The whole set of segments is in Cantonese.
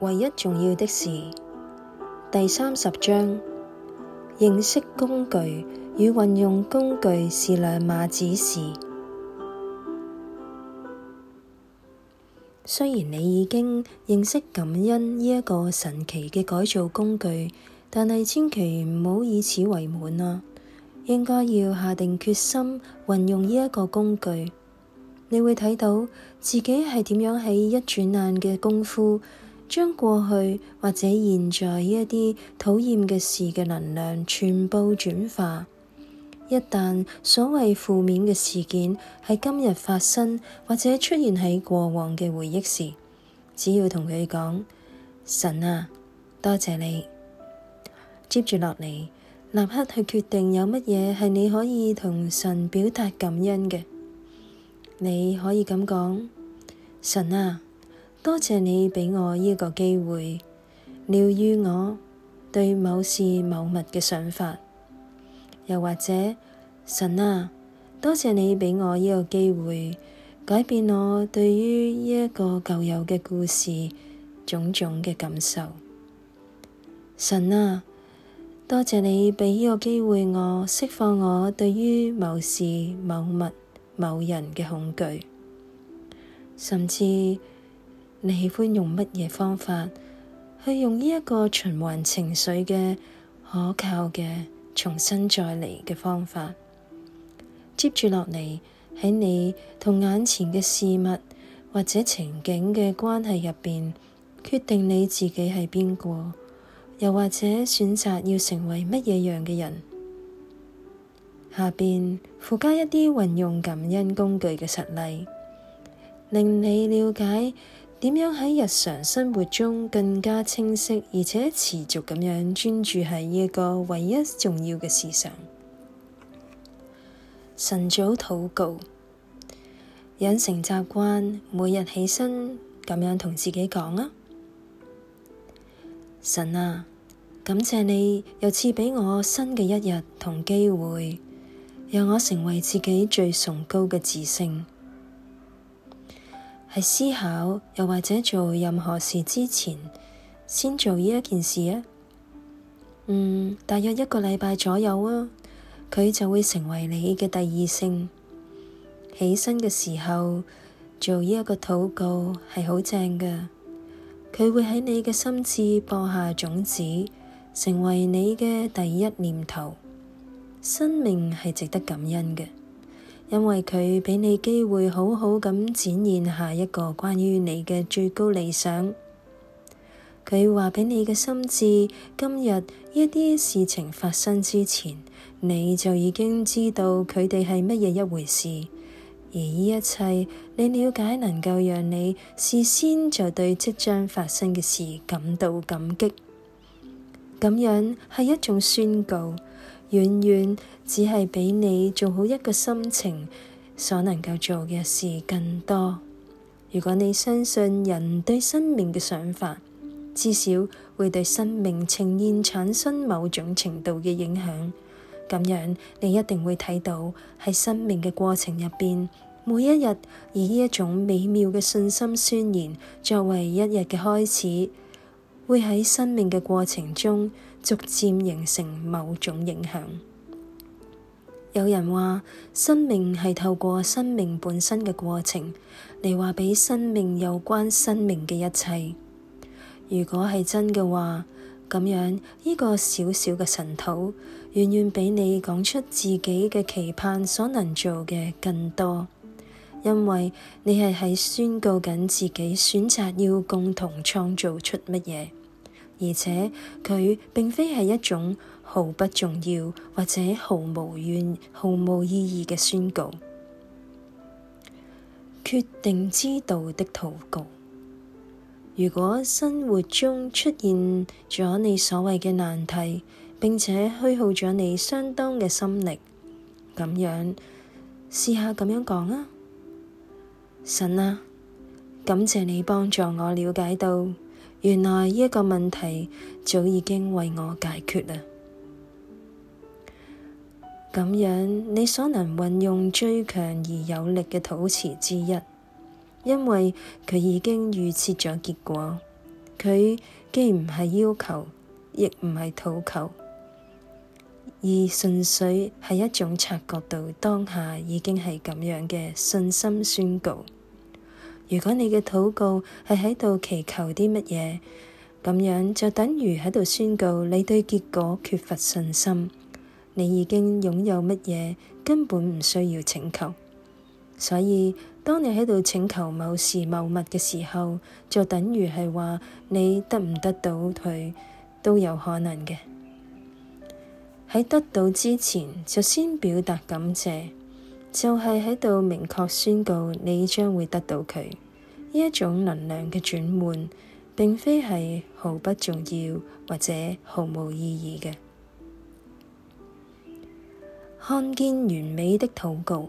唯一重要的事第三十章：認識工具與運用工具是兩碼子事。雖然你已經認識感恩呢一個神奇嘅改造工具，但係千祈唔好以此為滿啊！應該要下定決心運用呢一個工具，你會睇到自己係點樣喺一轉眼嘅功夫，將過去或者現在呢一啲討厭嘅事嘅能量全部轉化。一旦所謂負面嘅事件喺今日發生或者出現喺過往嘅回憶時，只要同佢講：神啊，多謝你。接住落嚟，立刻去決定有乜嘢係你可以同神表達感恩嘅。你可以咁講：神啊！多謝你畀我呢個機會療癒我對某事某物嘅想法，又或者神啊，多謝你畀我呢個機會改變我對於呢一個舊有嘅故事種種嘅感受。神啊，多謝你畀呢個機會我釋放我對於某事某物某人嘅恐懼，甚至。你喜歡用乜嘢方法去用呢一個循環情緒嘅可靠嘅重新再嚟嘅方法？接住落嚟，喺你同眼前嘅事物或者情景嘅關係入邊，決定你自己係邊個，又或者選擇要成為乜嘢樣嘅人。下邊附加一啲運用感恩工具嘅實例，令你了解。點樣喺日常生活中更加清晰，而且持續咁樣專注喺呢個唯一重要嘅事上？晨早禱告，養成習慣，每日起身咁樣同自己講啊！神啊，感謝你又賜畀我新嘅一日同機會，讓我成為自己最崇高嘅自勝。喺思考，又或者做任何事之前，先做呢一件事啊。嗯，大約一個禮拜左右啊，佢就會成為你嘅第二性。起身嘅時候做呢一個禱告係好正嘅，佢會喺你嘅心智播下種子，成為你嘅第一念頭。生命係值得感恩嘅。因為佢畀你機會好好咁展現下一個關於你嘅最高理想。佢話畀你嘅心智，今日一啲事情發生之前，你就已經知道佢哋係乜嘢一回事。而呢一切，你了解能夠讓你事先就對即將發生嘅事感到感激。咁樣係一種宣告。遠遠只係比你做好一個心情所能夠做嘅事更多。如果你相信人對生命嘅想法，至少會對生命呈現產生某種程度嘅影響。咁樣你一定會睇到喺生命嘅過程入邊，每一日以呢一種美妙嘅信心宣言作為一日嘅開始，會喺生命嘅過程中。逐漸形成某種影響。有人話，生命係透過生命本身嘅過程嚟話畀生命有關生命嘅一切。如果係真嘅話，咁樣呢個少少嘅塵土，遠遠比你講出自己嘅期盼所能做嘅更多，因為你係喺宣告緊自己選擇要共同創造出乜嘢。而且佢並非係一種毫不重要或者毫無怨、毫無意義嘅宣告。決定之道的禱告。如果生活中出現咗你所謂嘅難題，並且虛耗咗你相當嘅心力，咁樣試下咁樣講啊！神啊，感謝你幫助我了解到，原來呢個問題早已經為我解決啦。咁樣，你所能運用最強而有力嘅禱詞之一，因為佢已經預設咗結果。佢既唔係要求，亦唔係禱求，而純粹係一種察覺到當下已經係咁樣嘅信心宣告。如果你嘅禱告係喺度祈求啲乜嘢，咁樣就等於喺度宣告你對結果缺乏信心。你已經擁有乜嘢，根本唔需要請求。所以，當你喺度請求某事某物嘅時候，就等於係話你得唔得到佢都有可能嘅。喺得到之前就先表達感謝，就係喺度明確宣告你將會得到佢。呢一種能量嘅轉換，並非係毫不重要或者毫無意義嘅。看見完美的禱告，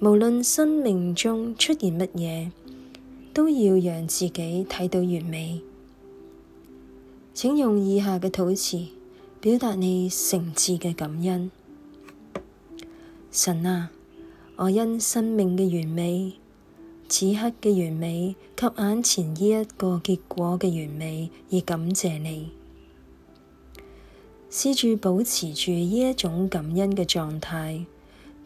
無論生命中出現乜嘢，都要讓自己睇到完美。請用以下嘅禱詞，表達你誠摯嘅感恩。神啊，我因生命嘅完美，此刻嘅完美，及眼前呢一個結果嘅完美，而感謝你。試住保持住呢一種感恩嘅狀態，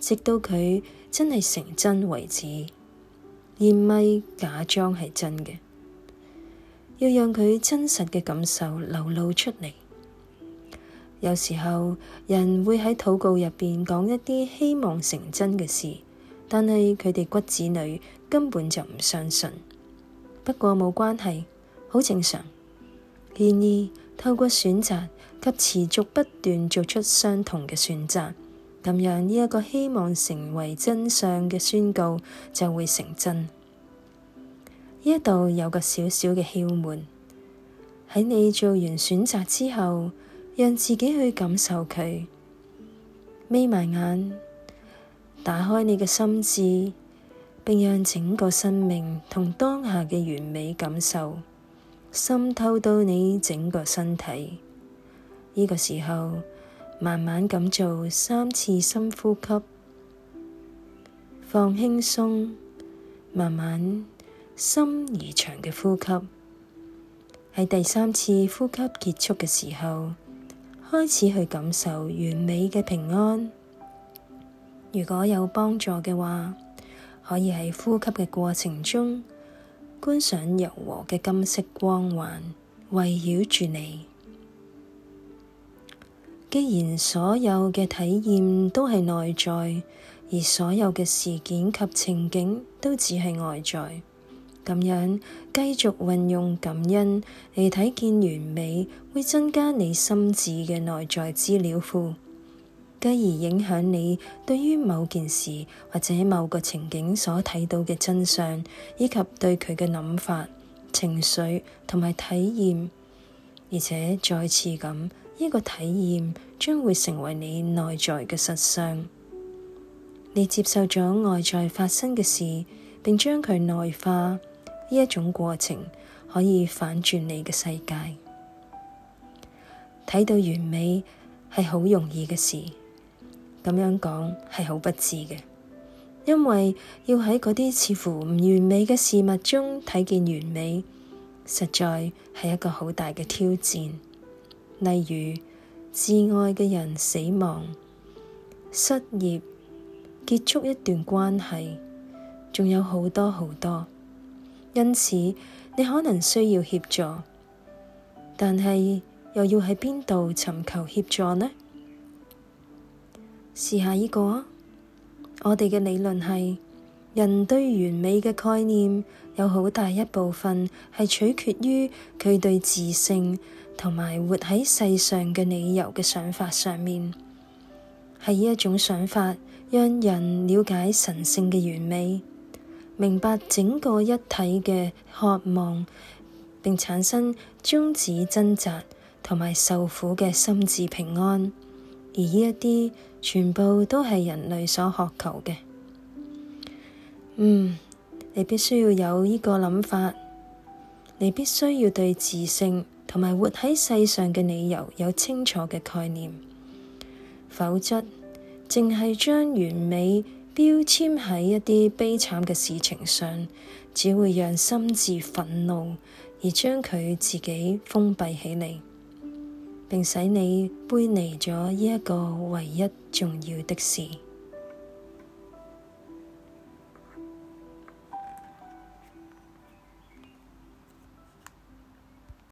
直到佢真係成真為止，而唔係假裝係真嘅。要讓佢真實嘅感受流露出嚟。有時候人會喺禱告入邊講一啲希望成真嘅事。但係佢哋骨子裏根本就唔相信，不過冇關係，好正常。然而透過選擇及持續不斷做出相同嘅選擇，咁樣呢一個希望成為真相嘅宣告就會成真。呢一度有個小小嘅竅門，喺你做完選擇之後，讓自己去感受佢，眯埋眼。打開你嘅心智，並讓整個生命同當下嘅完美感受滲透到你整個身體。呢個時候，慢慢咁做三次深呼吸，放輕鬆，慢慢深而長嘅呼吸。喺第三次呼吸結束嘅時候，開始去感受完美嘅平安。如果有幫助嘅話，可以喺呼吸嘅過程中觀賞柔和嘅金色光環圍繞住你。既然所有嘅體驗都係內在，而所有嘅事件及情景都只係外在，咁樣繼續運用感恩嚟睇見完美，會增加你心智嘅內在資料庫。繼而影響你對於某件事或者某個情景所睇到嘅真相，以及對佢嘅諗法、情緒同埋體驗。而且再次咁，呢個體驗將會成為你內在嘅實相。你接受咗外在發生嘅事，並將佢內化呢一種過程，可以反轉你嘅世界。睇到完美係好容易嘅事。咁樣講係好不智嘅，因為要喺嗰啲似乎唔完美嘅事物中睇見完美，實在係一個好大嘅挑戰。例如，摯愛嘅人死亡、失業、結束一段關係，仲有好多好多。因此，你可能需要協助，但係又要喺邊度尋求協助呢？試下呢個啊！我哋嘅理論係人對完美嘅概念有好大一部分係取決於佢對自性同埋活喺世上嘅理由嘅想法上面。係呢一種想法，讓人了解神聖嘅完美，明白整個一體嘅渴望，並產生終止掙扎同埋受苦嘅心智平安。而呢一啲全部都係人類所渴求嘅。嗯，你必須要有呢個諗法，你必須要對自性同埋活喺世上嘅理由有清楚嘅概念，否則，淨係將完美標籤喺一啲悲慘嘅事情上，只會讓心智憤怒，而將佢自己封閉起嚟。並使你背離咗呢一個唯一重要的事。